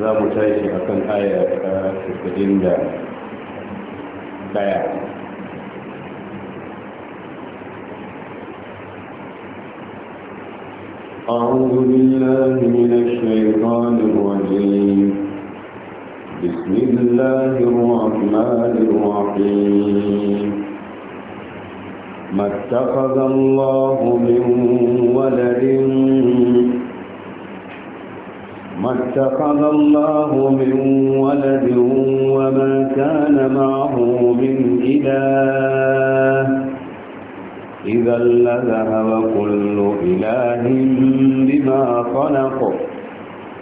za mu tashi a kan aya ta sirkadin أعوذ بالله من الشيطان الرجيم بسم الله الرحمن الرحيم ما اتخذ الله من ولد ما اتخذ الله من ولد وما كان معه من إله إذا لذهب كل إله بما خلق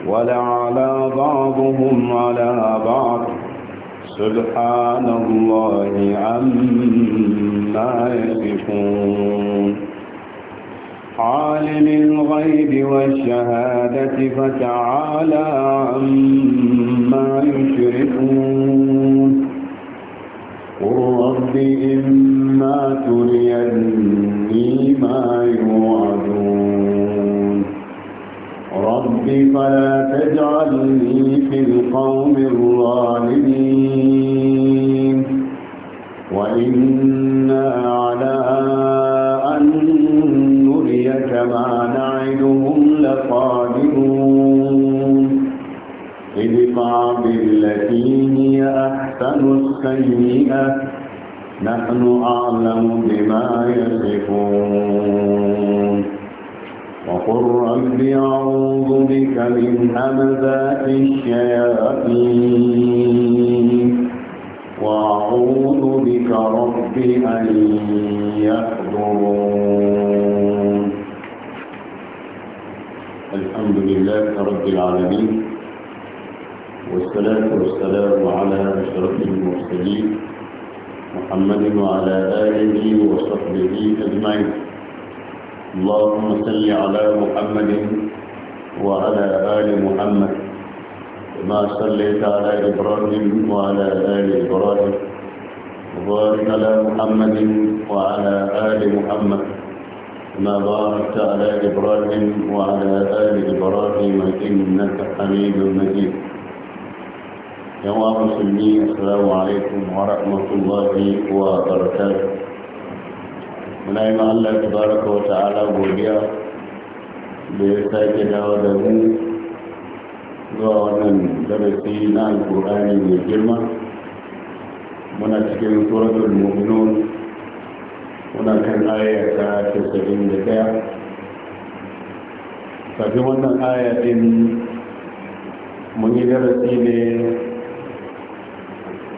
ولعلى بعضهم على بعض سبحان الله عما يصفون عالم الغيب والشهادة فتعالى عما يشركون قل رب إما تريني ما يوعدون رب فلا تجعلني في القوم الظالمين وإنا على أن نريك ما نعدهم لقادرون ادفع بالتي هي أحسن السيئة نحن أعلم بما يصفون وقل رب أعوذ بك من همزات الشياطين وأعوذ بك رب أن يحضرون الحمد لله رب العالمين والصلاة والسلام على أشرف المرسلين محمد وعلى آله وصحبه أجمعين اللهم صل على محمد وعلى آل محمد ما صليت على إبراهيم وعلى آل إبراهيم وبارك على محمد وعلى آل محمد كما باركت على إبراهيم وعلى آل إبراهيم إنك حميد مجيد يا مسلمين السلام عليكم ورحمة الله وبركاته من أيما الله تبارك وتعالى وديا بإرسالك دعوة zuwa wannan darasi na alkurani mai girma muna cikin suratul mu'minun muna kan aya ta 91 kafin wannan aya din mun yi darasi ne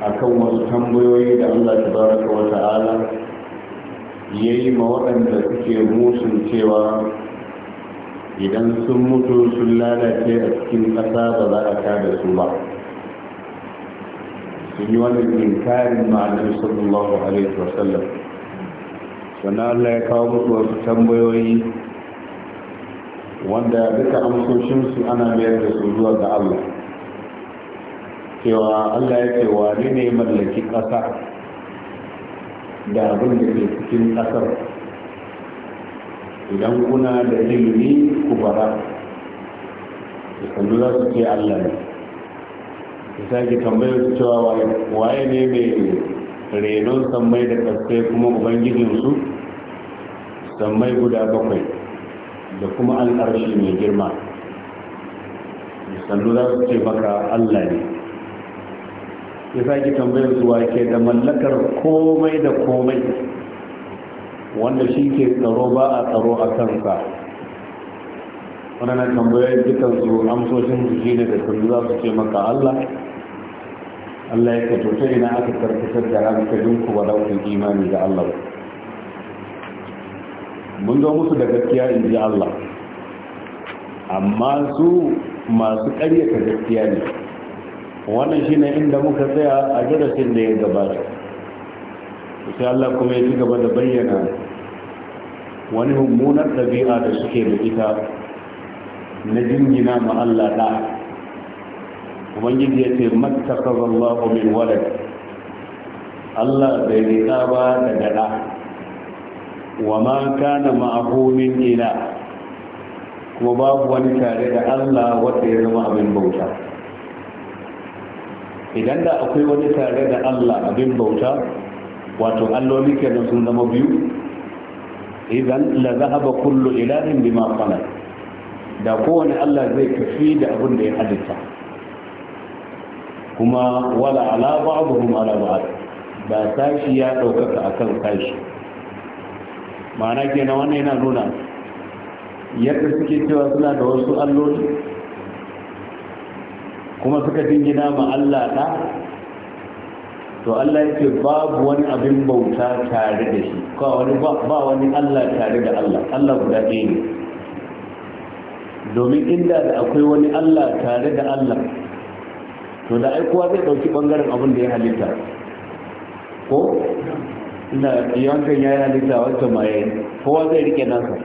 akan wasu tambayoyi da Allah tabaraka wa ta'ala yayi ma waɗanda suke musun cewa idan sun mutu sun lalace a cikin ƙasa ba za a kada su ba sun yi wani inkarin ma'anar sallallahu alaihi sallam. sannan Allah ya kawo musu wasu tambayoyi wanda duka amsoshinsu ana mayar da su zuwa ga Allah cewa Allah ya ce wani ne mallaki ƙasa da abin da ke cikin ƙasar idan kuna da ilimi ku fara da sannu za su ce allah ne ya sake tambayar su cewa waye ne mai renon sammai da kaskai kuma ubangijinsu sammai guda bakwai da kuma ƙarshe mai girma sannu za su ce maka allah ne ya sake tambayar su wake da mallakar komai da komai wanda shi ke tsaro ba a tsaro a kansa wadannan tambayoyin dukkan su amsoshin su shi ne da za su ce maka Allah Allah ya kato ina aka karkatar da hankalin ku ba imani da Allah mun zo musu da gaskiya in ji Allah amma su masu karyata gaskiya ne wannan shine inda muka tsaya a darasin da ya gabata sai Allah kuma ya ci gaba da bayyana wani mummunar ɗabi'a da suke da ita na jingina ma Allah da ubangiji ya ce mattakazan Allah min walad Allah bai riƙa ba daga ɗa. wa ma kana ma'ahu min ila kuma babu wani tare da Allah wanda ya zama abin bauta idan da akwai wani tare da Allah abin bauta wato alloli kenan sun zama biyu idan la zahaba kullu ilahin bima khalaq da kowane Allah zai tafi da abin da ya halitta kuma wala ala ba'dhum ala ba'd ba sashi ya daukaka akan sashi ma'ana kenan wannan yana nuna yadda suke cewa suna da wasu alloli kuma suka dingina ma Allah da to Allah yake babu wani abin bauta tare da shi ko wani ba wani Allah tare da Allah Allah guda ɗaya ne domin inda da akwai wani Allah tare da Allah to da ai kowa zai ɗauki ɓangaren abin da ya halitta ko ina yankan ya yi halitta wata maye kowa zai rike nasa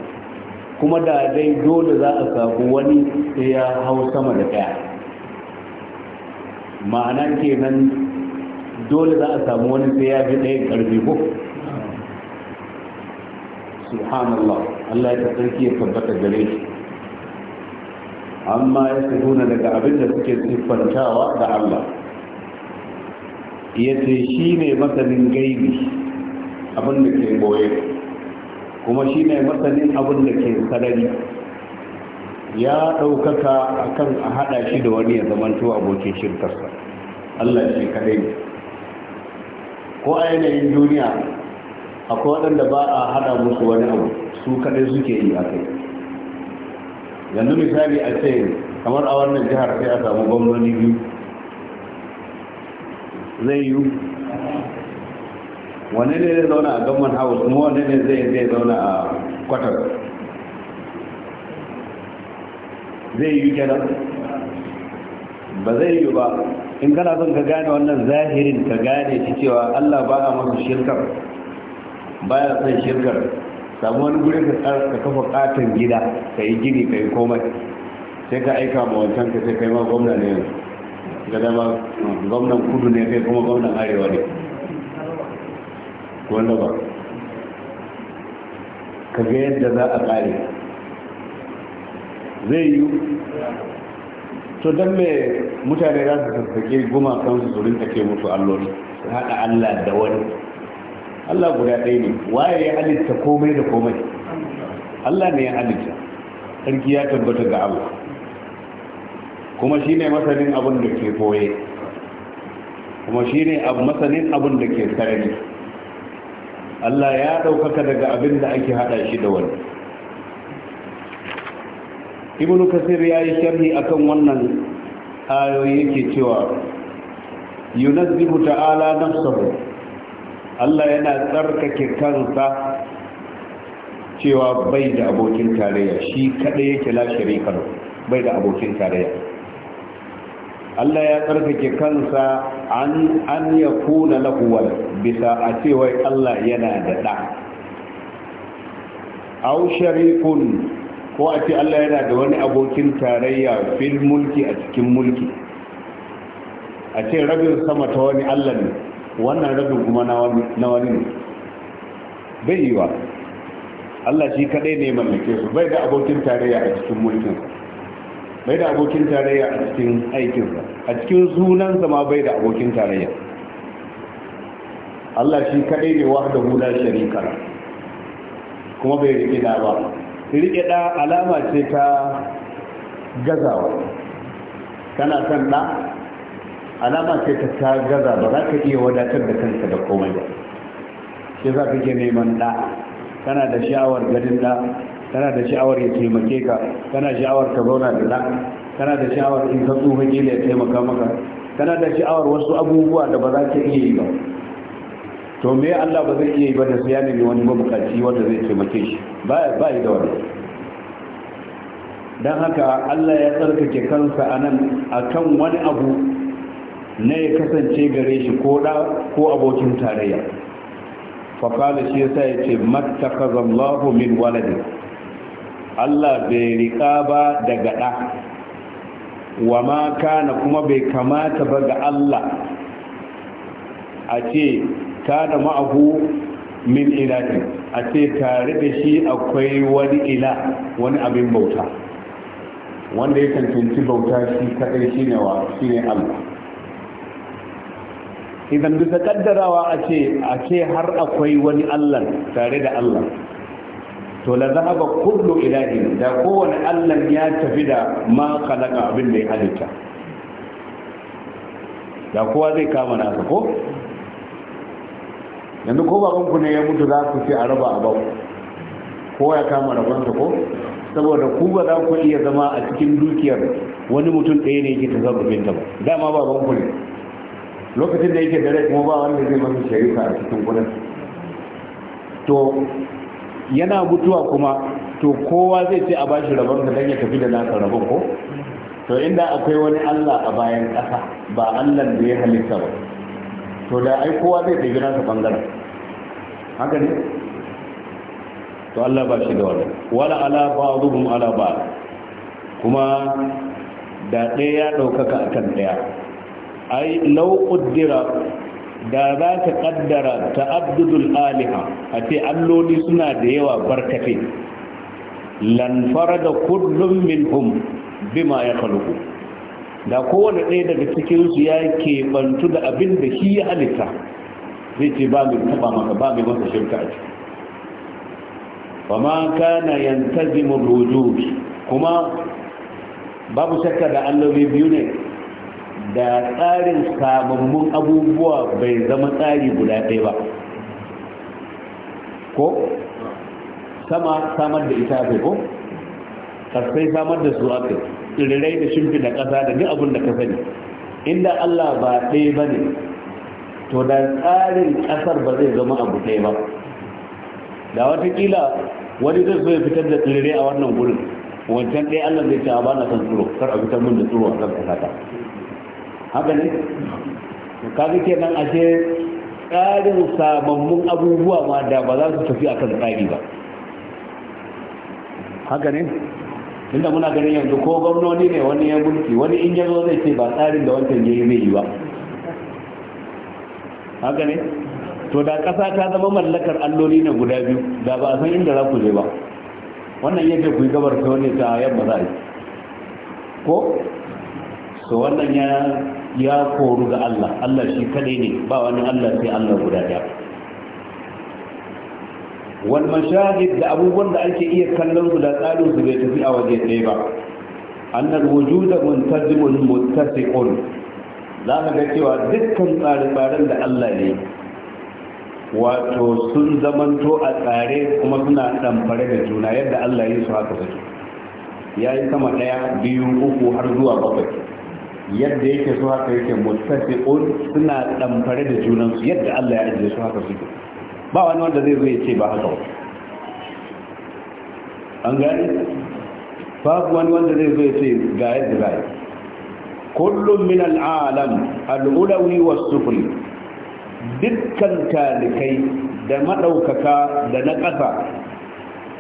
kuma da dai dole za a samu wani ya hau sama da ɗaya ma'ana kenan dole za a samu wani sai ya fi ɗaya ƙarfi ko subhanallah Allah ya tsarki ya tabbata gare shi amma ya tsibuna daga abin da suke siffantawa da Allah ya ce shi ne masanin gaibi abin da ke boye kuma shi ne masanin abin da ke sarari ya ɗaukaka akan a haɗa shi da wani ya zamantowa abokin shirkarsa Allah shi kaɗai ko a yanayin duniya akwai waɗanda ba a haɗa musu wani abu su kaɗai suke yi a kai yanzu misali a ce kamar a wannan jihar sai a samu gwamnoni biyu zai yi wani ne zai zauna a gamman house kuma wani ne zai zai zauna a kwatar zai yi kenan ba zai yi ba in kana son ka gane wannan zahirin ka gane shi cewa Allah ba a masa shirkar ba ya son shirkar samu wani guri ka kafa katon gida ka yi gini ka yi komai sai ka aika ma wancan ka sai kai ma gwamna ne ga dama gwamnan kudu ne kai kuma gwamnan arewa ne wanda ba ka ga yadda za a kare zai yi to don me mutane za su goma gumakansu su rinka ce mutu alloli su haɗa allah da wani allah guda ɗaya ne waye ya halitta komai da komai allah ne ya halitta sarki ya tabbata ga allah kuma shi ne masanin abin da ke koye kuma shi ne masanin abin da ke sarari allah ya ɗaukaka daga abin da ake haɗa shi da wani ibnu kasir ya yi sharhi akan wannan ayoyi ke cewa yunazzihu ta'ala nafsahu Allah yana tsarkake kansa cewa bai da abokin tarayya shi kadai yake la sharika bai da abokin tarayya Allah ya tsarkake kansa an an yakuna lahu wal bisa a cewa Allah yana da da Au sharikun ko a ce Allah yana da wani abokin tarayya fil mulki a cikin mulki a ce rabin sama ta wani Allah ne wannan rabin kuma na wani ne bai yi wa Allah shi kadai ne mallake su bai da abokin tarayya a cikin mulkin bai da abokin tarayya a cikin aikinsa a cikin sunansa ma bai da abokin tarayya Allah shi kadai ne wahdahu la sharika kuma bai rike da ba riƙe ɗa alama ce ta gazawa kana son ɗa alama ce ta ta gaza ba za ka iya wadatar da kanka da komai ba shi za ka ke neman ɗa kana da sha'awar ganin ɗa kana da sha'awar ya taimake ka kana sha'awar ka zauna da ɗa kana da sha'awar in ka tsufa kila ya taimaka maka kana da sha'awar wasu abubuwa da ba za ka iya yi ba to me Allah ba zai iya yi ba da su ya wani mabukaci wanda zai taimake shi ba yi da wani don haka Allah ya tsarkake kansa a nan a kan wani abu na ya kasance gare shi ko da ko abokin tarayya faƙala shi yasa ya ce zallahu min walade Allah bai riƙa ba daga ɗa wa ma kana kuma bai kamata ba ga Allah a ce kana ma'ahu min ilahin a ce tare da shi akwai wani ila wani abin bauta wanda ya cancanci bauta shi kadai shi ne wa shi ne allah idan bisa kaddarawa a ce a ce har akwai wani allah tare da allah to la zahaba kullu ilahin da kowane allah ya tafi da ma khalaqa abin da ya halitta da kowa zai kama nasa ko yanzu ko ba ku ne ya mutu za ku ce a raba a bau ko ya kama rabonsa ko saboda ku ba za ku iya zama a cikin dukiyar wani mutum ɗaya ne yake tasarrufin ta ba dama ku ne lokacin da yake dare kuma ba wanda zai masa sharifa a cikin kudin to yana mutuwa kuma to kowa zai ce a bashi rabon da dan ya tafi da nasa rabon ko to inda akwai wani Allah a bayan ƙasa ba Allah da ya halitta ba to da ai kowa zai tafi nasa bangaren haka ne to Allah ba shi da wani. wala ala ba'dhum ala ba'd kuma da ɗaya ya ɗaukaka akan ɗaya ai law qaddara da za ka kaddara ta'addudul aliha a ce alloli suna da yawa barkate lan farada kullum minhum bima ya da kowane ɗaya daga cikin su ya keɓantu da abin da shi ya halitta zai ce ba mai taba maka ba mai masa shirka a ciki na yanta yantazimu rujud kuma babu shakka da alloli biyu ne da tsarin sababbin abubuwa bai zama tsari guda ɗaya ba ko sama samar da ita kai ko kasai samar da su aka tsirrai da shimfi da ƙasa da ni abin da ka sani inda allah ba ɗaya ba ne to da tsarin ƙasar ba zai zama abu ɗaya ba da watakila wani zai so ya fitar da tsirrai a wannan gurin wancan ɗaya allah zai ce a ba na san tsoro kar a fitar min da tsoro a kan ƙasata haka ne nan a ashe tsarin samammun abubuwa ma da ba za su tafi a kan tsari ba haka ne inda muna ganin yanzu ko gwamnoni ne wani ya mulki wani in yazo zai ce ba tsarin da wancan yayi zai yi ba haka ne to da ƙasa ta zama mallakar alloli na guda biyu da ba a san inda za ku je ba wannan yadda ku yi gabar ta wani ta yamma za a yi ko so wannan ya ya koru ga Allah Allah shi kadai ne ba wani Allah sai Allah guda ɗaya wal mashahid da abubuwan da ake iya kallon su da tsarin su bai tafi a waje ɗaya ba annal wujuda muntazimun muttasiqun za ka ga cewa dukkan tsare-tsaren da Allah ne wato sun zamanto a tsare kuma suna ɗamfare da juna yadda Allah ya yi su haka suke ya yi sama ɗaya biyu uku har zuwa bakwai yadda yake su haka yake un suna ɗamfare da junansu yadda Allah ya ajiye su haka suke ba wani wanda zai zo ya ce ba haka an gani babu wani wanda zai zo ya ce ga yadda za kullum min al'alam al'ulawi wa sufuri dukkan talikai da maɗaukaka da na ƙasa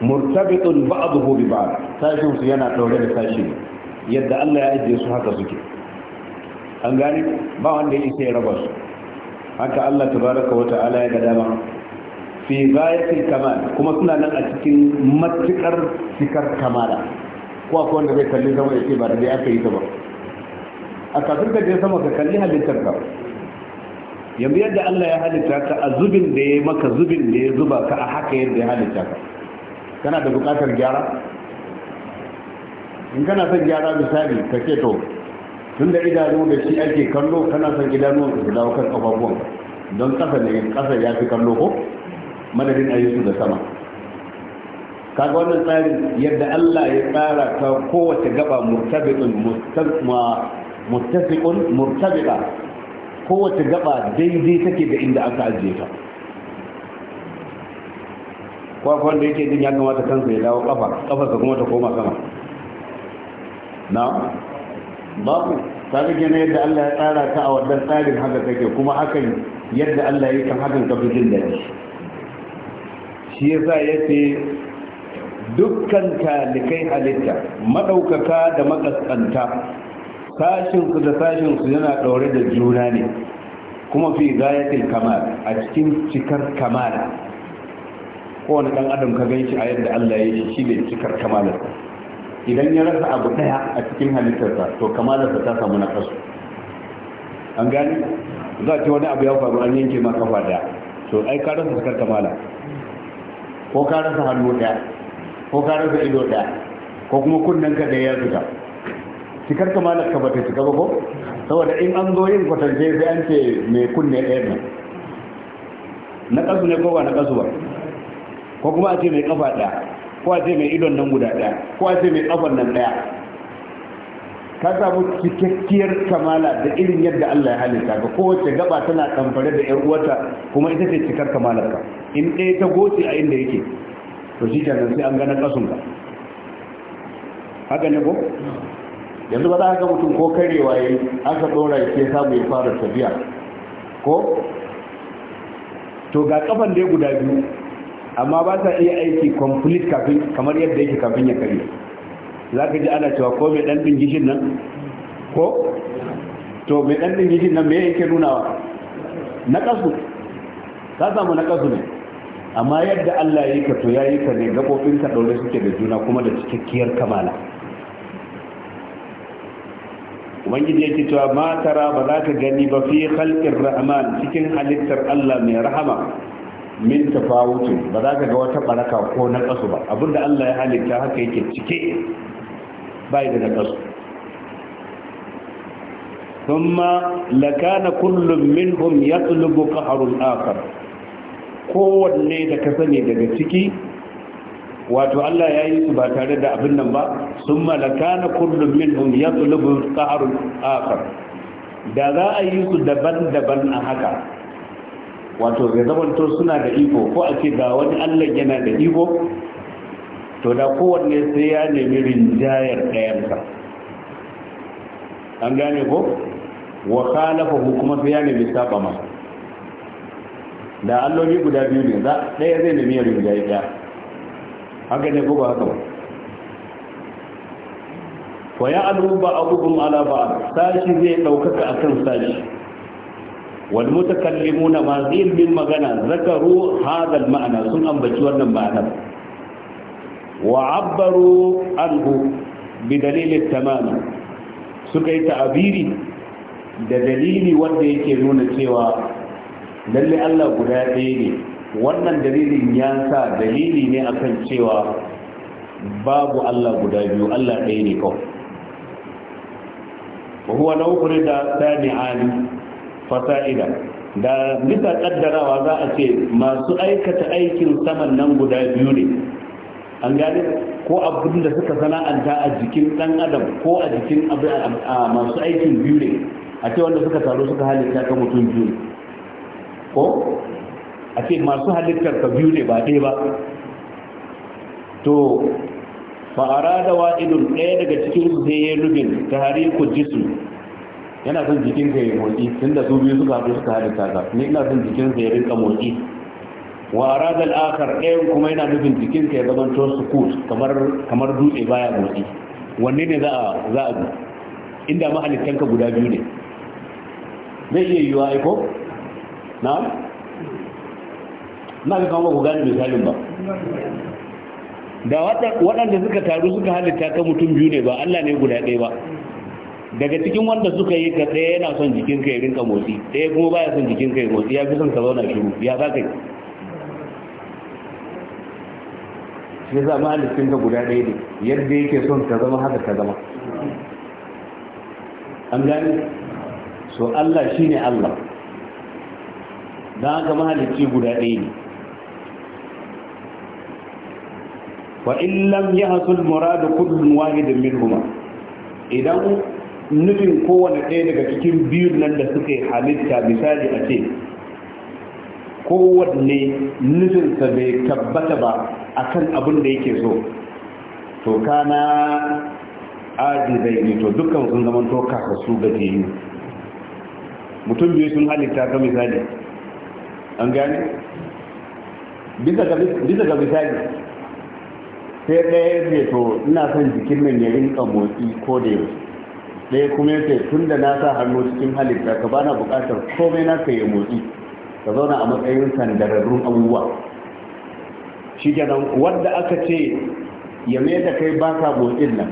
murtabitun ba'aduhu bi ba sashin su yana ɗaure da sashi yadda Allah ya ajiye su haka suke an gani ba wanda ya isa ya raba su haka Allah tabaraka wa ta'ala ya ga dama fi ghayatil kamal kuma suna nan a cikin matukar cikar kamala ko akwai wanda zai kalli zama ya ce ba da dai aka yi ta ba a kafin ka je sama ka kalli halittar ka yanzu yadda Allah ya halitta ka a zubin da ya maka zubin da ya zuba ka a haka yadda ya halitta ka kana da bukatar gyara in kana son gyara misali ka ce to tun da idanu da shi ake kallo kana son idanu su dawo kan kafafuwan don kasa ne kasa ya fi kallo ko madadin su da sama kaga wannan tsarin yadda Allah ya tsara ta kowace gaba murtabitin mustaqma muttafiqun murtabiqa kowace gaba daidai take da inda aka ajiye ta kwakwan da yake jin ya kamata kansa ya dawo ƙafa, ƙafarsa kuma ta koma sama na babu ta rike na yadda Allah ya tsara ta a wannan tsarin haka take kuma hakan yadda Allah ya kan hakan kafin jin daɗi shi ya sa ya ce dukkan talikai halitta maɗaukaka da makaskanta sashinsu da sashinsu yana ɗaure da juna ne kuma fi gayatil kamal a cikin cikar kamar kowane ɗan adam ka gan shi a yadda Allah ya yi shi ne cikar kamalarsa idan ya rasa abu ɗaya a cikin halittarsa to kamalarsa ta samu na kasu an gani za ce wani abu ya faru an yanke ma kafa ɗaya to ai ka rasa cikar kamala ko ka rasa hannu ɗaya ko ka rasa ido ɗaya ko kuma kunnen ka da ya zuga cikar kamalar ka bata cika ba ko saboda in an zo yin kwatance sai an ce mai kunne ɗaya nan na ƙasu ne ko ba na ƙasu ba ko kuma a ce mai ƙafa ɗaya ko a ce mai idon nan guda ɗaya ko a ce mai ƙafan nan ɗaya ka samu cikakkiyar kamala da irin yadda Allah ya halitta ka kowace gaba tana ɗamfare da 'yar uwarta kuma ita ce cikar kamalar ka in ɗaya ta goce a inda yake to shi kenan sai an ga na ƙasun ka haka ne ko yanzu ba za a ga mutum ko karewa ya yi aka tsora ya samu ya fara tafiya ko to ga kafan dai guda biyu amma ba sa iya aiki complete kafin kamar yadda yake kafin ya kare za ka ji ana cewa ko mai ɗan gishin nan ko to mai ɗan gishin nan mai yake nunawa na kasu ta samu na kasu ne amma yadda allah ya yi ka to ya yi ka ne gaɓoɓinka ɗaure suke da juna kuma da cikakkiyar kamala ubangiji yake cewa ma tara ba za ka gani ba fi khalqir rahman cikin halittar Allah mai rahama min tafawuti ba za ka ga wata baraka ko na kasu ba abinda Allah ya halitta haka yake cike bai da kasu thumma lakana kullum minhum yatlubu qahrul akhar kowanne da ka sani daga ciki wato Allah ya yi su ba tare da abin nan ba sun malaka na kullum hun ya tsulubu sa'arun akar da za a yi su daban-daban a haka wato ga zamanto suna da iko ko a ce ga wani Allah yana da iko to da kowanne sai ya nemi rinjayar ɗayansa an gane ko wa khalafa kuma sai ya nemi saba masa da alloli guda biyu ne za ɗaya zai nemi rinjayar ɗaya haka ne ko ba haka ba wa ya aluba abubuwan alaba sashi zai ɗaukaka a kan sashi wal na ma zilmin magana zakaru hadal ma'ana sun ambaci wannan ma'ana wa abbaru anhu bi dalilin tamami suka yi ta'abiri da dalili wanda yake nuna cewa lalle Allah guda ɗaya ne wannan dalilin ya sa dalili ne akan cewa babu Allah guda biyu Allah ɗaya ne kawai huwa na hukuri da sami'ani fasa'ida da nisa ƙaddarawa za a ce masu aikata aikin saman nan guda biyu ne an gani ko abin da suka sana'anta a jikin ɗan adam ko a jikin masu aikin biyu ne a ce wanda suka taru suka halitta ka mutum biyu ko a ce masu halittar ka biyu ne ba ɗaya ba to fa'ara da wa'idun ɗaya daga cikin su sai ya nufin ta hari ku jisu yana son jikin ka ya motsi tun da su biyu suka haɗu suka halitta ka ni ina son jikin ka ya rinka motsi wa'ara da al'akar ɗayan kuma yana nufin jikin ka ya zama to sukut kamar kamar dutse baya motsi wanne ne za a za a bi inda mahalittanka guda biyu ne zai iya yiwuwa aiko na na ga kama ku gane misalin ba da waɗanda suka taru suka halitta ta mutum biyu ne ba Allah ne guda ɗaya ba daga cikin wanda suka yi ka ɗaya yana son jikin ka ya rinka motsi ɗaya kuma baya son jikin ka ya motsi ya fi son ka zauna shiru ya za ka yi shi za ma halittun ka guda ɗaya ne yadda yake son ka zama haka ka zama an gani so Allah shi ne Allah don haka mahalicci guda ɗaya ne wa in lam yahsul muradu kullun wahidin minhuma idan nufin kowane ɗaya daga cikin biyun nan da suka yi halitta misali a ce kowanne nufinsa bai tabbata ba akan abin da yake so to kana zai ne to dukkan sun zama to kasa su gajiyayyu mutum biyu sun halitta ta misali an gane bisa ga misali sai ɗaya ya ce to ina son jikin nan ya rinka motsi ko da yaushe ɗaya kuma ya ce tun da na sa hannu cikin halitta ka ba na buƙatar komai na ka yi motsi ka zauna a matsayin sandararrun abubuwa shi kenan wanda aka ce ya mai da kai baka motsin nan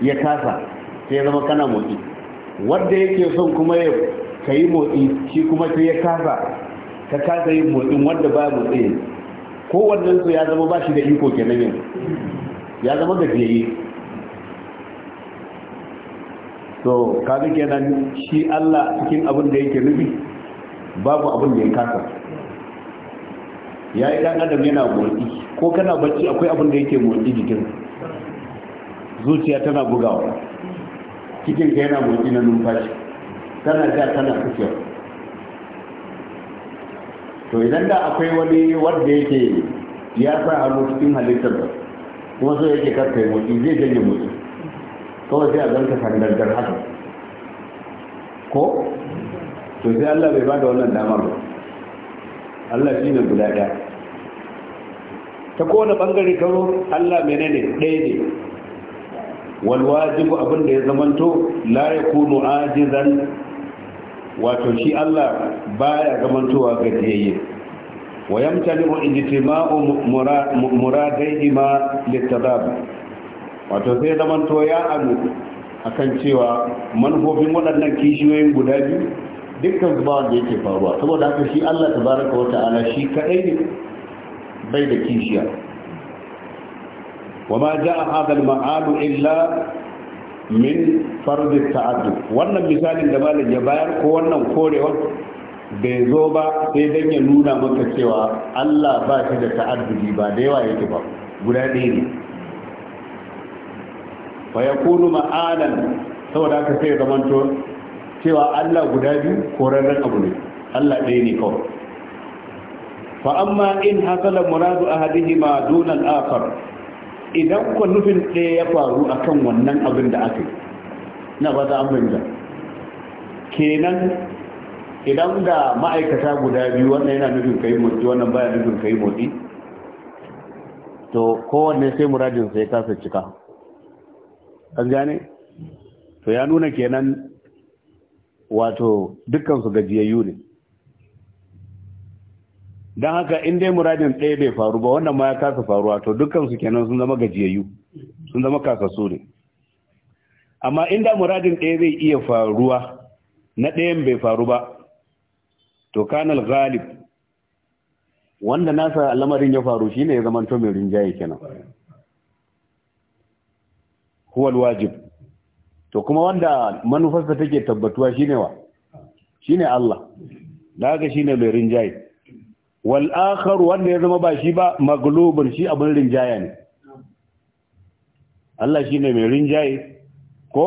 ya kasa sai ya zama kana motsi wanda yake son kuma ya ka yi motsi shi kuma sai ya kasa ka kasa yin motsin wanda ba motsi kowannen su ya zama ba shi da iko kenan yanzu ya zama da gajiyayye so kaga kenan shi Allah cikin abin da yake nufi babu abin da ya kasa ya yi dan adam yana motsi ko kana bacci akwai abin da yake motsi jikin zuciya tana bugawa cikin ka yana motsi na numfashi tana ja tana kusurwa to idan da akwai wani wanda yake ya sa hannu cikin halittar da kuma so yake karka yi motsi zai janye motsi kawai sai a zanka sandantar haka ko to sai Allah bai bada wannan damar ba Allah shi ne guda ɗaya ta kowane ɓangare karo Allah ne ɗaya ne walwajibu abin da ya zamanto la Kuno, ajizan wato shi Allah baya gamantowa gajiyayye wa yamtani'u ijtima'u muradaihi ma litadab wato sai zamanto ya amu akan cewa manufofin waɗannan kishiyoyin guda biyu dukkan zuba wanda yake faruwa saboda haka shi Allah tabaraka wata'ala shi kadai ne bai da kishiya wa ma ja'a hadha al-ma'alu illa min fard taaddud wannan misalin da malam ya bayar ko wannan korewa bai zo ba sai dan ya nuna maka cewa Allah ba shi da ta'addudi ba da yawa yake ba guda ɗaya ne fa yakunu ma'anan saboda haka sai to cewa Allah guda biyu korarren abu ne Allah ɗaya ne kawai fa amma in hasala muradu ahadihima duna dunan akhar idan ku nufin ɗaya ya faru akan wannan abin da aka yi na ba ta ambanja kenan idan da ma'aikata guda biyu wannan yana nufin kai motsi wannan baya nufin kai motsi to kowanne sai muradin sai kasa cika an gane to ya nuna kenan wato dukkansu gajiyayyu ne don haka in dai muradin ɗaya bai faru ba wannan ma ya kasa faruwa to dukkansu kenan sun zama gajiyayyu sun zama kasa su ne amma inda muradin ɗaya zai iya faruwa na ɗayan bai faru ba to kanal galib wanda nasa lamarin ya faru shine ya to mai rinjaye kenan huwal wajib to kuma wanda manufarsa take tabbatuwa shine wa shine Allah daga shine mai rinjaye wal akhar wanda ya zama ba shi ba maglubun shi abin rinjaya ne Allah shine mai rinjaye ko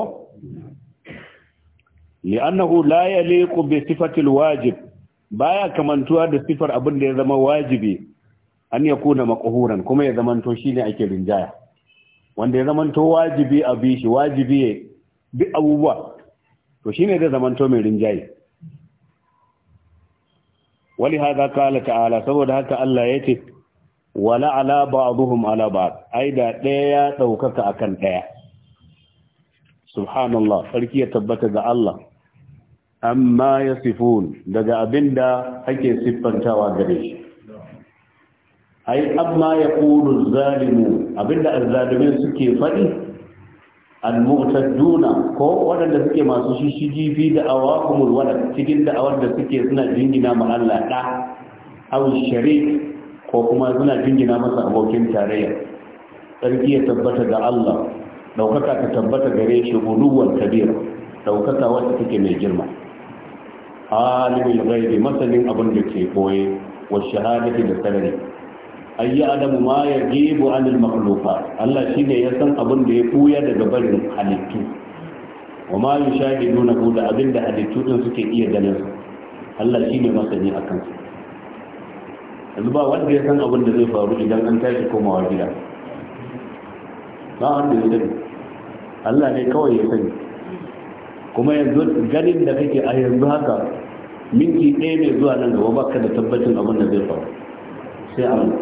li'annahu la yaliqu bi sifati alwajib baya kamantuwa da sifar abin da ya zama wajibi an yakuna maqhuran kuma ya to shine ake rinjaya wanda ya to wajibi a bi shi wajibi bi abubuwa to shine zai zamanto mai rinjaye wali hada kala ta'ala saboda haka Allah yace wala ala ba'dhum ala ba'd ai da daya ya daukaka akan daya subhanallah sarki ya tabbata ga Allah amma ya sifun daga abinda ake siffantawa gare shi ai amma ya kulu zalimu abinda azzalimin suke faɗi almu'taduna ko waɗanda suke masu shishigi fi da awakumul wala cikin da awar suke suna jingina ma Allah da aw sharik ko kuma suna jingina masa abokin tarayya sarki ya tabbata ga Allah Daukaka ta tabbata gare shi uluwan kabira ɗaukaka wata take mai girma alimul ghaibi masanin abin da ke koye wa shahadati da sarari ay ya'lamu ma ya yajibu 'anil makhluqat Allah shine ya san abin da ya buya daga barin halittu wa ma yushahiduna da abin da halittu din suke iya ganin Allah shine masani akan su yanzu ba wanda ya san abin da zai faru idan an tashi komawa gida ba wanda ya sani Allah ne kawai ya sani kuma yanzu ganin da kake a yanzu haka minti ɗaya mai zuwa nan gaba ba ka da tabbacin abin da zai faru sai Allah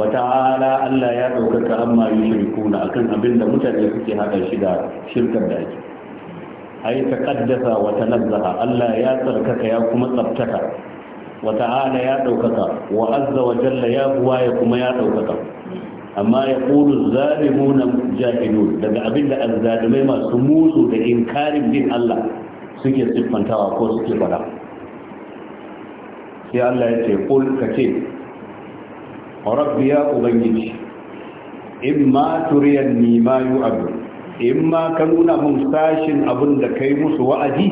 wata'ala Allah ya ɗaukaka amma yi shirkuna akan abin da mutane suke haɗa shi da shirkar da ake A yi kaddasa wata tanazzaha Allah ya tsarkaka ya kuma tsabtaka wata'ala ya ɗaukaka wa azza wa jalla ya buwaye kuma ya ɗaukaka amma ya ƙulu zalimuna jahilun daga abin da azzalimai masu musu da inkarin bin Allah suke siffantawa ko suke fara. sai Allah ya ce ƙul ka ce rabbi ya ubangiji in ma turiyan ni ma yu abu in ma ka nuna mun sashin abin da kai musu wa'azi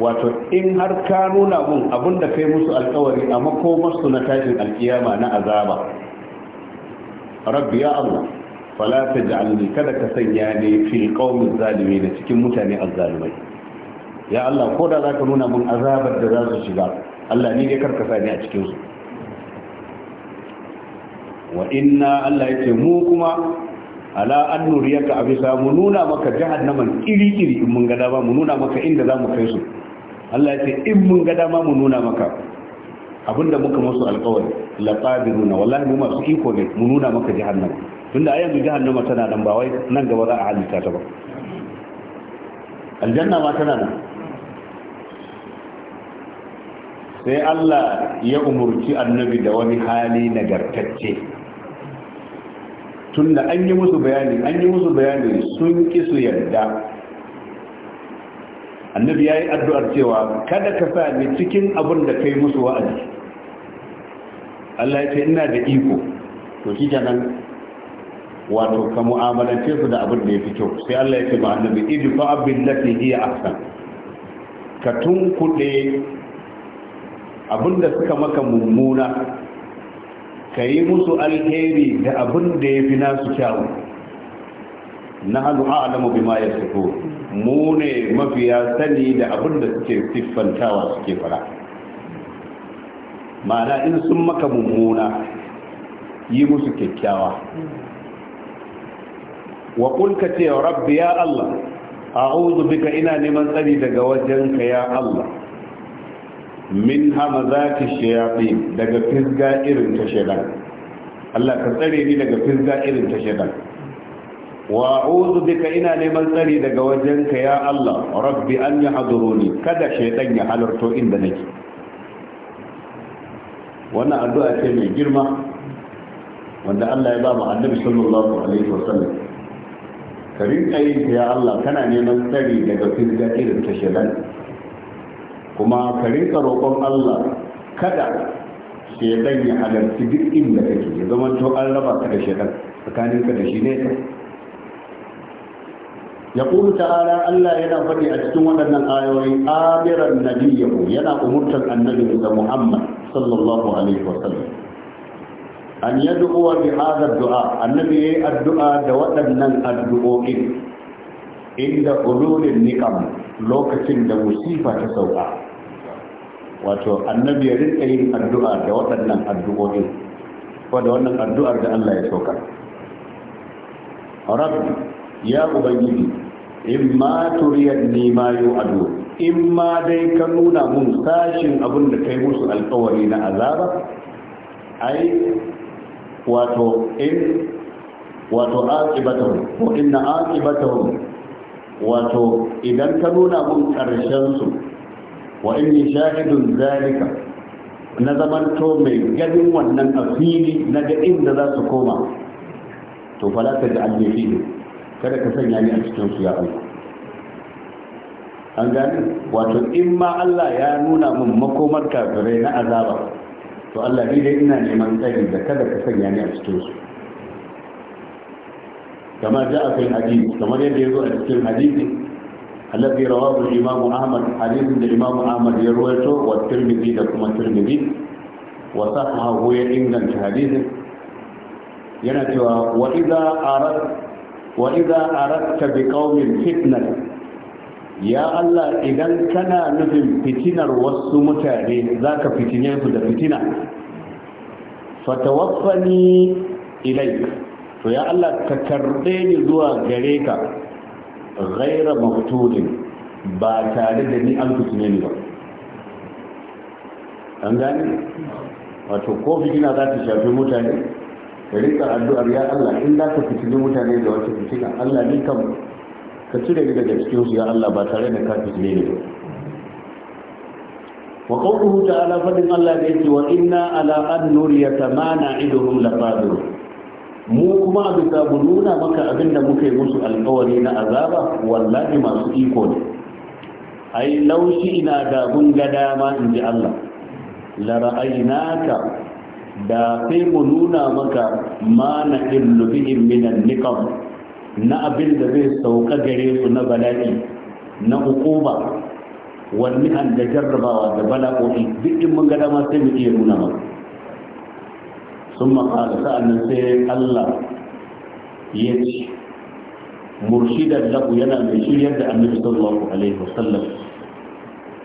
wato in har ka nuna mun abin da kai musu alkawari a makomarsu na tashin alkiyama na azaba rabbi ya Allah fala taj'alni kada ka sanya ni fil qaumiz da cikin mutane azzalimai ya Allah ko da zaka nuna mun azabar da za su shiga Allah ni dai karka sani a cikin su wa inna Allah yace mu kuma ala an nuriyaka abisa mu nuna maka jahannaman iri iri in mun ga dama mu nuna maka inda zamu kai su Allah yace in mun ga dama mu nuna maka abinda muka musu alkawari laqadiruna wallahi mu masu iko ne mu nuna maka jahannam tunda a yanzu jahannama tana nan ba wai nan gaba za a halitta ta ba aljanna ma tana nan sai Allah ya umurci annabi da wani hali nagartacce tunda an yi musu bayani an yi musu bayani sun ki su yarda annabi ya yi addu'ar cewa kada ka sa ni cikin abin da kai musu wa'azi Allah ya ce ina da iko to shi kenan wato ka mu'amalance su da abin da ya fi kyau sai Allah ya ce ba annabi fa abin da yi hiya ahsan ka tunkuɗe abin da suka maka mummuna ka yi musu alheri da abin da ya fi nasu kyawu na hannu alamu bi ma ya mu ne mafiya sani da abin da suke siffantawa suke fara ma'ana in sun maka mummuna yi musu kyakkyawa wa kulka ce rabbi ya Allah a'udhu bika ina neman tsari daga wajenka ya Allah min hamazati shayatin daga fisga irin ta shaytan Allah ka tsare ni daga fisga irin ta shaytan wa a'udhu bika ina neman tsari daga wajenka ya Allah rabbi an yi yahduruni kada shaytan ya halarto inda nake wannan addu'a ce mai girma wanda Allah ya ba mu annabi sallallahu alaihi wasallam ka rinka yin ya Allah kana neman tsari daga fizga irin ta shedan kuma ka rinka roƙon Allah kada shedan ya halarci duk inda kake ya zama to an raba ka da shedan tsakanin ka da shi ne ya yaqulu ta'ala Allah yana faɗi a cikin waɗannan ayoyi amiran nabiyyu yana umurtar annabi da Muhammad صلى الله عليه وسلم أن يدعو بهذا الدعاء النبي الدعاء دوتنا الدعوين عند حلول النقم wato annabi ya rinka yin addu'a da waɗannan addu'o'in ko da wannan addu'ar da Allah ya sauka rabbi ya ubangiji in ma ni ma yu in ma dai ka nuna mun sashin abin da kai musu alkawari na azaba ai wato in wato aqibatahum ko inna aqibatahum wato idan ka nuna mun karshen su wa inni shahidun zalika na zamanto mai ganin wannan asiri na ga inda za su koma to fala ta ji aljihi kada ka sanya ni a cikin su ya Allah an gani wato in ma Allah ya nuna min makomar kafirai na azaba to Allah ni dai ina neman tsari da kada ka sanya ni a cikin su kama ja a fil hadisi kamar yadda ya zo a cikin hadisi alladhi rawahu al-imam Ahmad hadisin da Imam Ahmad ya rawaito wa Tirmidhi da kuma Tirmidhi wa sahahu ya inganta hadisin yana cewa wa idza arad wa idza aradta bi qaumin fitnatan ya Allah idan kana nufin fitinar wasu mutane za ka fitine su da fitina fatawaffani ilai to ya Allah ka karɓe ni zuwa gare ka ghaira maftulin ba tare da ni an fitine ni ba an gani wato ko fitina za ta shafi mutane ka rika addu'ar ya Allah in za ka fitini mutane da wata fitina Allah ni kan ka cire ni daga cikin su ya Allah ba tare da ka fitile ne wa qawluhu ta'ala fadin Allah da yake wa inna ala an nuriyaka ma na'iduhum qadir mu kuma a bisa mu nuna maka abin da muka yi musu alkawari na azaba wallahi masu iko ne ai laushi ina da gun gada dama in ji Allah la ra'aynaka da sai mu nuna maka ma illu bihim minan niqab na abin da zai sauka gare su na bala'i na hukuma wani an da jarrabawa da bala'o'i duk in mun gada ma sai mu iya nuna maka sun makala sa'annan sai allah ya ce murshidar lahu yana mai shiryar da annabi sallallahu alaihi wasallam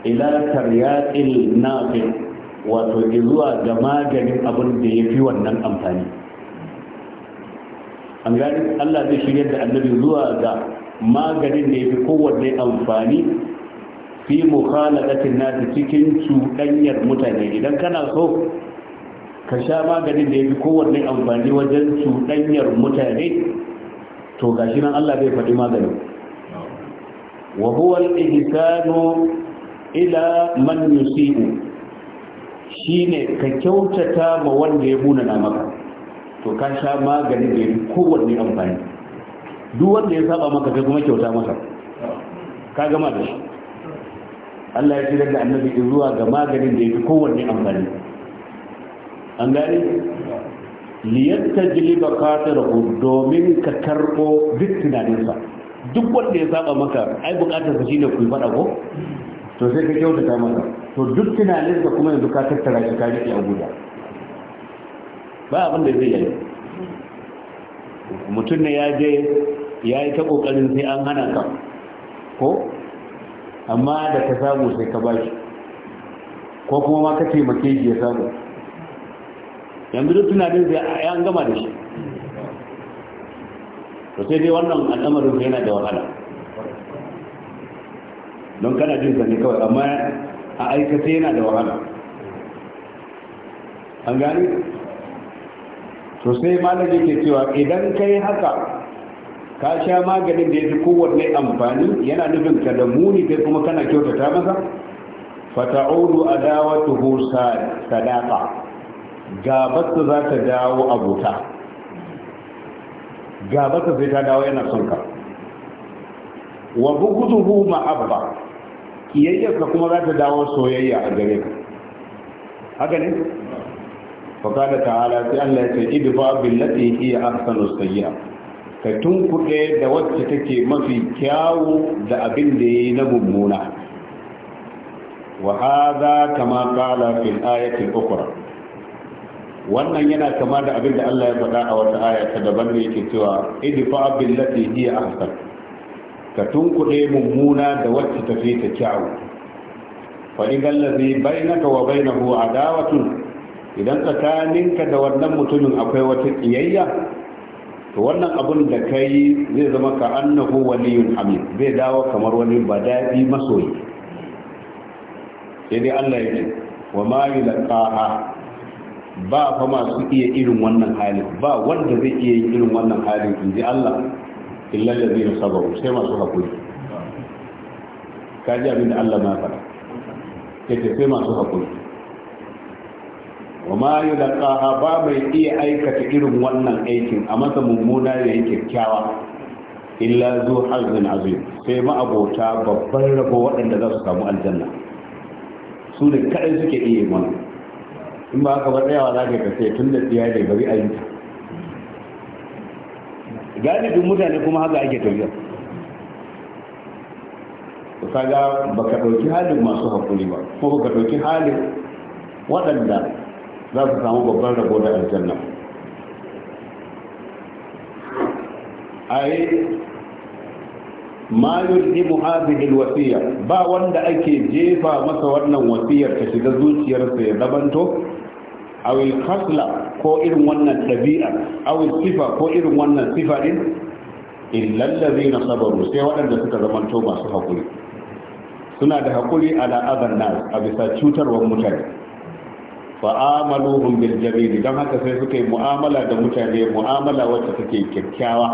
ila taryatil nafi wato zuwa ga maganin abin da ya fi wannan amfani an gani Allah zai shigar da annabi zuwa ga maganin da yafi kowanne amfani fi mukhalaqatin nasi cikin cuɗanyar mutane idan kana so ka sha maganin da yafi kowanne amfani wajen cuɗanyar mutane to gashi nan Allah zai faɗi maganin wa huwa al-ihsanu ila man yusi'u shine ka kyautata ma wanda ya bunana maka to ka sha maganin da ya fi kowanne amfani duk wanda ya saba maka kai kuma kyauta masa ka gama da shi Allah ya shirar da annabi zuwa ga maganin da ya fi kowanne amfani an gane liyatta jiliba katirahu domin ka karbo duk tunaninsa duk wanda ya saba maka ai bukatar sa shine ku faɗa ko to sai ka kyautata masa to duk tunaninsa kuma yanzu ka tattara shi ka rike a guda ba abin da zai yi mutum ne ya je ya yi ta ƙoƙarin sai an hana ka ko amma da ka samu sai ka ba shi ko kuma ma ka taimake shi ya samu yanzu duk tunanin sai an gama da shi to sai dai wannan al'amarin yana da wahala don kana jin sa ne kawai amma a aikata yana da wahala an gani to sai malami ke cewa idan kai haka ka sha maganin da ya fi kowanne amfani yana nufin ka da muni kai kuma kana kyautata masa fata'udu husa sadaqa ta za ta dawo abota ta sai ta dawo yana son ka wa ma ma'abba kiyayya kuma za ta dawo soyayya a gare ka haka ne faƙada ta ala sai Allah ya ce idfa billati hiya ahsanu sayyi'a ka tunkuɗe da wacce take mafi kyawu da abin da yayi na mummuna wa hadha kama qala fil ayati al-ukhra wannan yana kama da abin da Allah ya faɗa a wata aya ta daban ne yake cewa idfa billati hiya ahsan ka tunkuɗe mummuna da wacce tafi ta kyawu fa idan ladhi bainaka wa bainahu adawatun idan tsakaninka da wannan mutumin akwai wata ƙiyayya to wannan abun da ka yi zai zama ka annahu waliyun amin, zai dawo kamar wani ba daɗi masoyi sai dai Allah ya ce wa ma yulqaha ba fa masu iya irin wannan halin ba wanda zai iya yin irin wannan halin in ji Allah illa zai sabaru sai masu haƙuri. kaji abin da Allah ma faɗa sai masu haƙuri. wa ma ƙaha ba mai iya aikata irin wannan aikin a masa mummuna ya yi kyakkyawa illa zu hazin azim sai ma abota babban rabo waɗanda za su samu aljanna su ne kaɗai suke iya mana in ba haka ba tsayawa za ka sai tun da tsiya da gari ayyuka galibin mutane kuma haka ake tafiya kaga baka ɗauki halin masu haƙuri ba ko baka ɗauki halin waɗanda za su samu babban rabo da aljanna ai ma yurdi muhadhihi alwasiya ba wanda ake jefa masa wannan wasiyar ta shiga zuciyarsa ya zabanto aw kasla ko irin wannan dabi'a aw sifa ko irin wannan sifa din illa na sabaru sai waɗanda suka zamanto masu hakuri suna da hakuri ala adan nas a bisa cutarwar mutane fa'amaluhum bil jabil dan haka sai suka yi mu'amala da mutane mu'amala wacce take kyakkyawa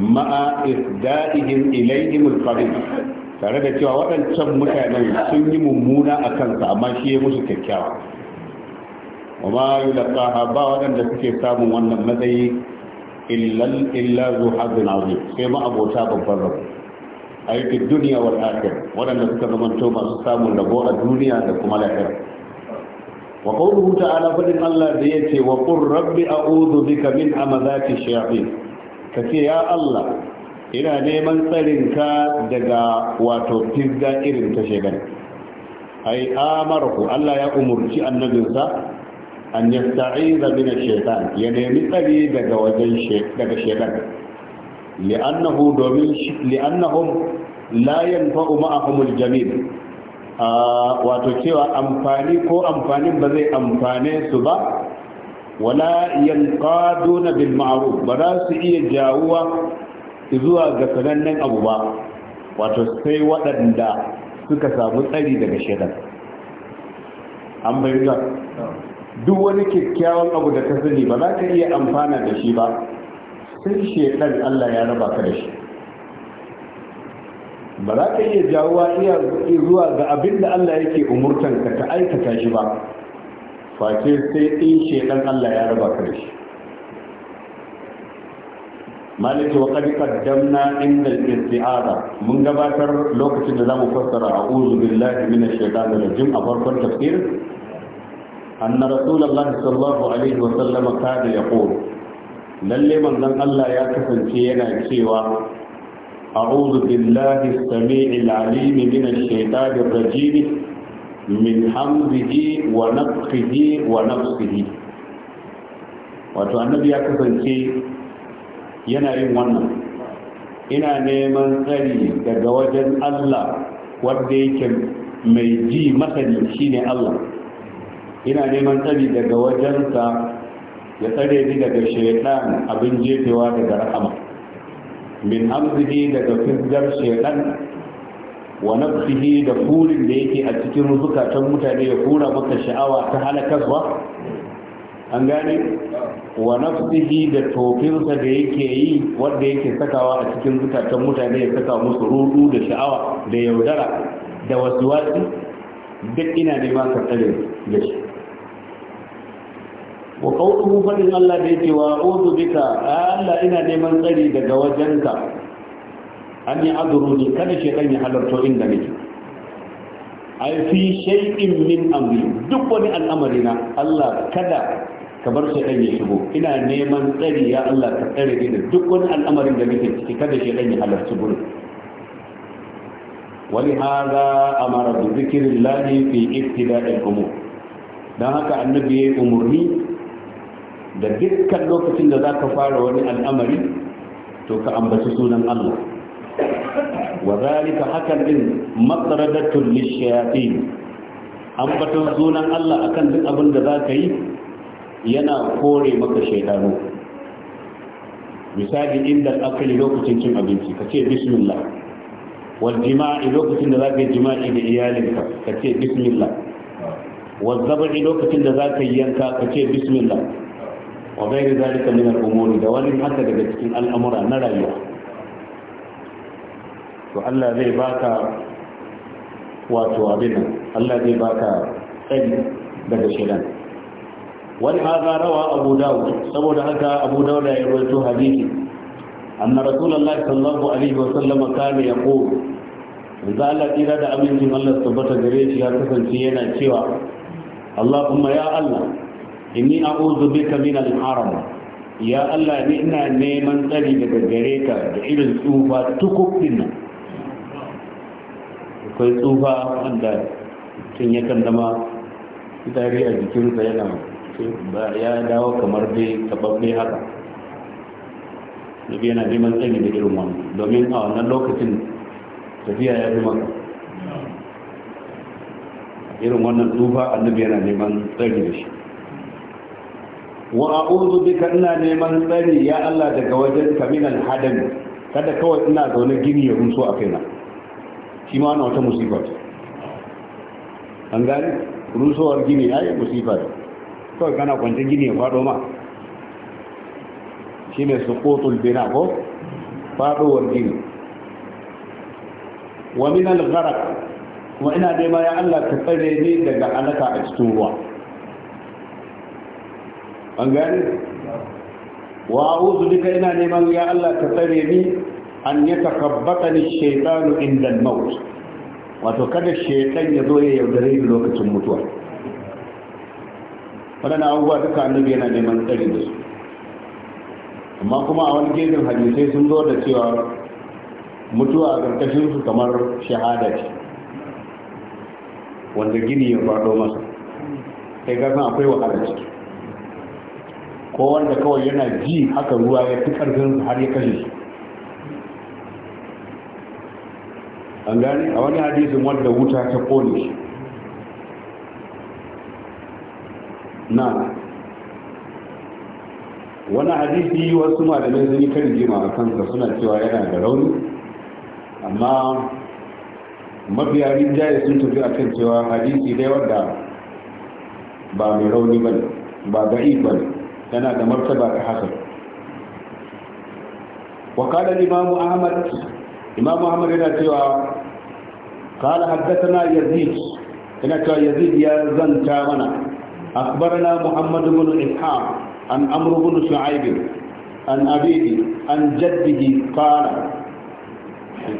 ma'a isda'ihim ilayhim al-qarin tare da cewa waɗancan mutanen sun yi mummuna a kansa amma shi ya musu kyakkyawa amma yulqaha ba waɗanda suke samun wannan matsayi illal illa zu hadin azim sai ma abota babban rabo ayyukan duniya wal akhirah waɗanda suka zamanto masu samun rabo a duniya da kuma lahira wa qawluhu ta'ala fadin Allah da yace wa qur rabbi a'udhu bika min amazati shayatin kace ya Allah ina neman tsarin ka daga wato fizga irin ta shegan ai amarku Allah ya umurci annabinsa an yasta'iza min ash-shaytan ya nemi tsari daga wajen daga shegan li'annahu domin li'annahum la yanfa'u ma'ahum al-jamil wato cewa amfani ko amfanin ba zai amfane su ba wala yanqaduna bil ma'ruf ba za su iya jawuwa zuwa ga sanannen abu ba wato sai waɗanda suka samu tsari daga shedan an bayyana duk wani kyakkyawan abu da ka sani ba za ka iya amfana da shi ba sai shedan Allah ya raba ka da shi ba za ka iya jawowa iya zuwa ga abin da Allah yake umurtan ka ta aikata shi ba face sai in shekan Allah ya raba ka shi malik wa qad qaddamna inda al-isti'aza mun gabatar lokacin da za mu fassara a a'udhu billahi minash shaitanir jim a farkon tafsir anna rasulullahi sallallahu alaihi wa sallama, kada ya yaqul lalle manzon Allah ya kasance yana cewa أعوذ بالله السميع العليم من الشيطان الرجيم من حمده ونفخه ونفسه wato annabi ya kasance yana yin wannan ina neman tsari daga wajen Allah wanda yake mai ji masani shine Allah ina neman tsari daga wajensa ya tsare ni daga shaiɗan abin jefewa daga rahama min amzihi daga fizgar shaidan wa nafsihi da furin da yake a cikin zukatan mutane ya kura maka sha'awa ta halakarwa an gane wa nafsihi da tofinsa da yake yi wanda yake sakawa a cikin zukatan mutane ya saka musu rudu da sha'awa da yaudara da wasu duk ina neman ka tsare da shi wa qawluhu fadin Allah da yake wa a'udhu bika Allah ina neman tsari daga wajenka an yi azuruni kada shi shekan ya halarto inda nake ai fi shay'in min amri duk wani al'amari na Allah kada ka bar shi shekan ya shigo ina neman tsari ya Allah ka tsare ni da duk wani al'amarin da nake ciki kada shekan ya halarci gurin wani haza amara da zikirin lahi fi ibtida'il umur dan haka annabi yayi umurni da dukkan lokacin da za ka fara wani al'amari to ka ambaci sunan Allah wa zalika hakan din matsaradatun lishayatin ambaton sunan Allah akan duk abin da za ka yi yana kore maka shaidanu misali inda akali lokacin cin abinci ka ce bismillah wal jima'i lokacin da za ka yi jima'i da iyalinka ka ce bismillah wal zaba'i lokacin da za ka yi yanka ka ce bismillah wa gairi zalika min al-umuri da wani haka daga cikin al'amura na rayuwa to Allah zai baka wato abin Allah zai baka tsari daga shaidan wani haza rawa abu dawud saboda haka abu dawud ya rawaito hadisi anna rasulullahi sallallahu alaihi wa sallam kana yaqul yanzu Allah tsira da amincin Allah tabbata gare shi ya kasance yana cewa Allahumma ya Allah inni a'udhu bika min al-haram ya Allah ni ina neman tsari daga gare ka da irin tsufa tukuk nan akwai tsufa wanda tun ya kan zama fitari a jikinsa yana ya dawo kamar dai kababbe haka nabi yana neman tsari da irin wani domin a wannan lokacin tafiya ya zama. maka irin wannan tsufa annabi yana neman tsari da shi wa a'udhu bika ina neman tsari ya Allah daga wajen kaminal hadan kada kawai ina zaune gini ya runso a kaina shi ma wannan wata musiba ce an gani runsowar gini ya yi musiba ce kawai kana kwanci gini ya faɗo ma shi ne su kotul bina ko faɗowar gini wa minal gharak kuma ina nema ya Allah ka tsare ni daga alaka a cikin ruwa an gane wa a'udhu bika ina neman ya Allah ka tsare ni an takabbata ni shaytanu inda al-maut wato kada shaytan ya zo ya yaudare ni lokacin mutuwa wannan abubuwa duka annabi yana neman tsare da su amma kuma a wani gefen hadisai sun zo da cewa mutuwa a ƙarƙashin su kamar shahada ce wanda gini ya faɗo masa sai san akwai wahala ciki ko wanda kawai yana ji haka ruwa ya fi karfin har ya kashe an gane a wani hadisin wanda wuta ta kone shi na wani hadisi wasu malamai sun yi kan jima a kansa suna cewa yana da rauni amma mafiya rinjaye sun tafi a kan cewa hadisi dai wanda ba mai rauni ba ba ga'i ba ne yana da martaba da hasan wa qala imam ahmad imam ahmad yana cewa qala haddathana yazid yana cewa yazid ya zanta mana أخبرنا محمد بن إسحاق عن عمرو بن شعيب an أبيه عن جده قال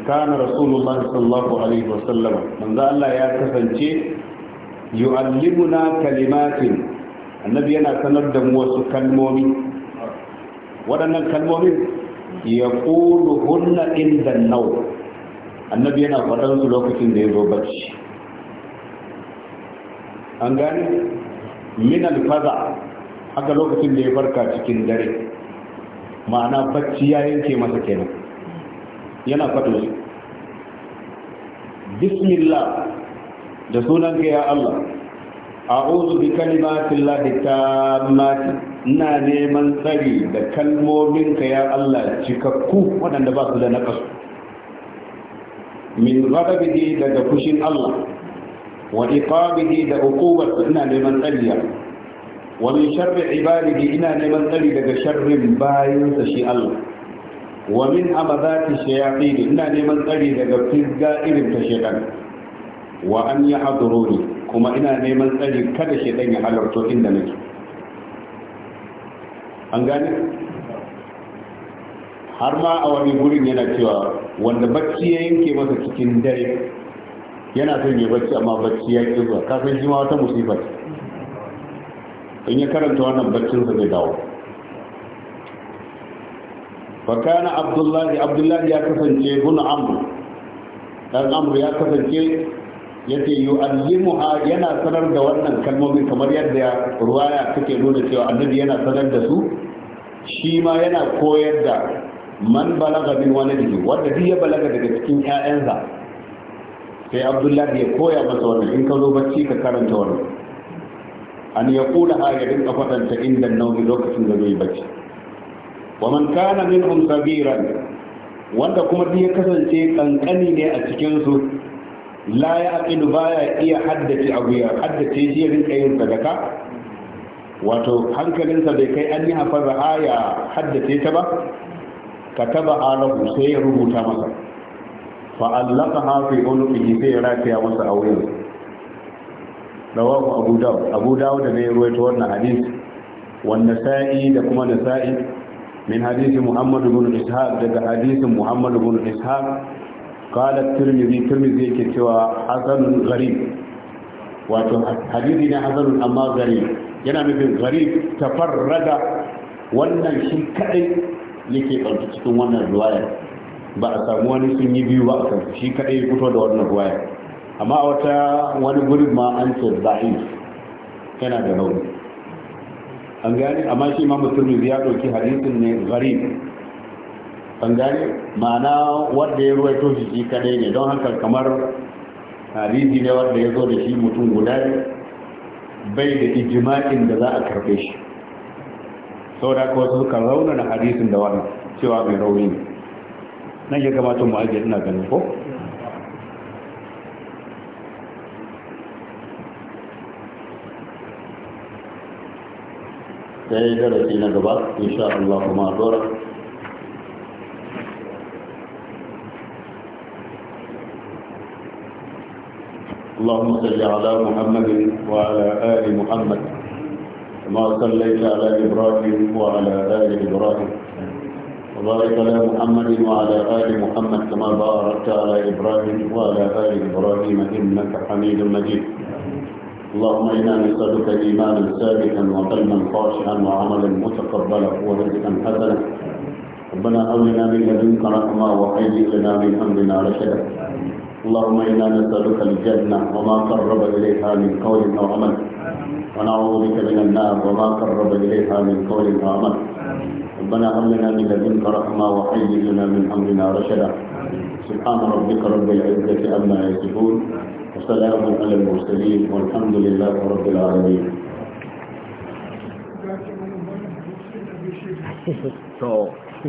كان رسول الله صلى الله عليه وسلم Allah ya kasance يا كسنتي annabi yana sanar da mu wasu kalmomi waɗannan kalmomin ya ƙulu hunna inda nau annabi yana su lokacin da ya zo bacci an gani min alfaza haka lokacin da ya farka cikin dare ma'ana bacci ya yanke masa kenan yana faɗo bismillah da sunan ya Allah a'udhu bi kalimatillahi tammati ina neman tsari da kalmominka ya Allah cikakku waɗanda ba su da naqasu min ghadabihi daga fushin Allah wa iqabihi da uqubar ina neman tsariya wa min sharri ibadihi ina neman tsari daga sharrin bayansa shi Allah wa min amazati shayatin ina neman tsari daga fizga irin ta shaytan wa an yahduruni kuma ina neman tsari kada shi ya halarto inda nake an gane har ma a wani gurin yana cewa wanda bacci ya yanke masa cikin dare yana son ya bacci amma bacci ya ƙi zuwa kafin shi ma wata musifa in ya karanta wannan baccinsa zai dawo fakana abdullahi abdullahi ya kasance gun amur dan amur ya kasance yace yu'allimuha yana sanar da wannan kalmomi kamar yadda ruwaya take nuna cewa annabi yana sanar da su shi ma yana koyar da man balaga wani jiki, wanda duk ya balaga daga cikin 'ya'yansa. sai abdullahi ya koya masa wannan in ka zo bacci ka karanta wannan an ya kula ha ya rinka fadanta inda nauyi lokacin da zai bacci wa man kana minhum sabiran wanda kuma duk ya kasance kankani ne a cikinsu. la ya aqilu baya iya haddace abu ya haddace shi rinka yin sadaka wato hankalinsa bai kai an yi hafaza aya haddace ta ba kataba alahu sai ya rubuta masa fa allaka ha fi unuqihi sai ya rafiya masa a wuyan rawahu abu dawud abu dawud ne ya ruwaito wannan hadisi wanda sa'i da kuma da sa'i, min hadisi muhammad ibn ishaq daga hadisin muhammad ibn ishaq qala tirmidhi tirmidhi yake cewa hasanun gharib wato hadisi ne hasanun amma gharib yana nufin gharib tafarrada wannan shi kadai yake ɗauki cikin wannan ruwayar ba a samu wani sun yi biyu ba a kan shi kadai ya fito da wannan ruwayar amma a wata wani guri ma an ce da'if yana da rauni an gani amma shi ma mutum ya ɗauki hadisin ne gharib Bangare, ma'ana wanda ya ruwaito shi shi kadai ne don haka kamar hadisi ne wanda ya zo da shi mutum guda ne, bai da ijma'in da za a karbe shi sau da kawai suka na hadisin da wannan cewa mai rauni ne nan ya kamata mu ajiye ina ganin ko sai darasi na gaba insha Allah kuma dora اللهم صل على محمد وعلى آل محمد كما صليت على إبراهيم وعلى آل إبراهيم وبارك على محمد وعلى آل محمد كما باركت على إبراهيم وعلى آل إبراهيم إنك حميد مجيد اللهم إنا نسألك إيمانا سابقا وقلبا خاشعا وعملا متقبلا ورزقا حسنا ربنا أولنا من لدنك رحمة وهيئ لنا من أمرنا رشدا اللهم إنا نسألك الجنة وما قرب إليها من قول أو عمل ونعوذ بك من النار وما قرب إليها من قول أو عمل ربنا هب لنا من لدنك رحمة وحي لنا من أمرنا رشدا سبحان ربك رب العزة عما يصفون وسلام على المرسلين والحمد لله رب العالمين So...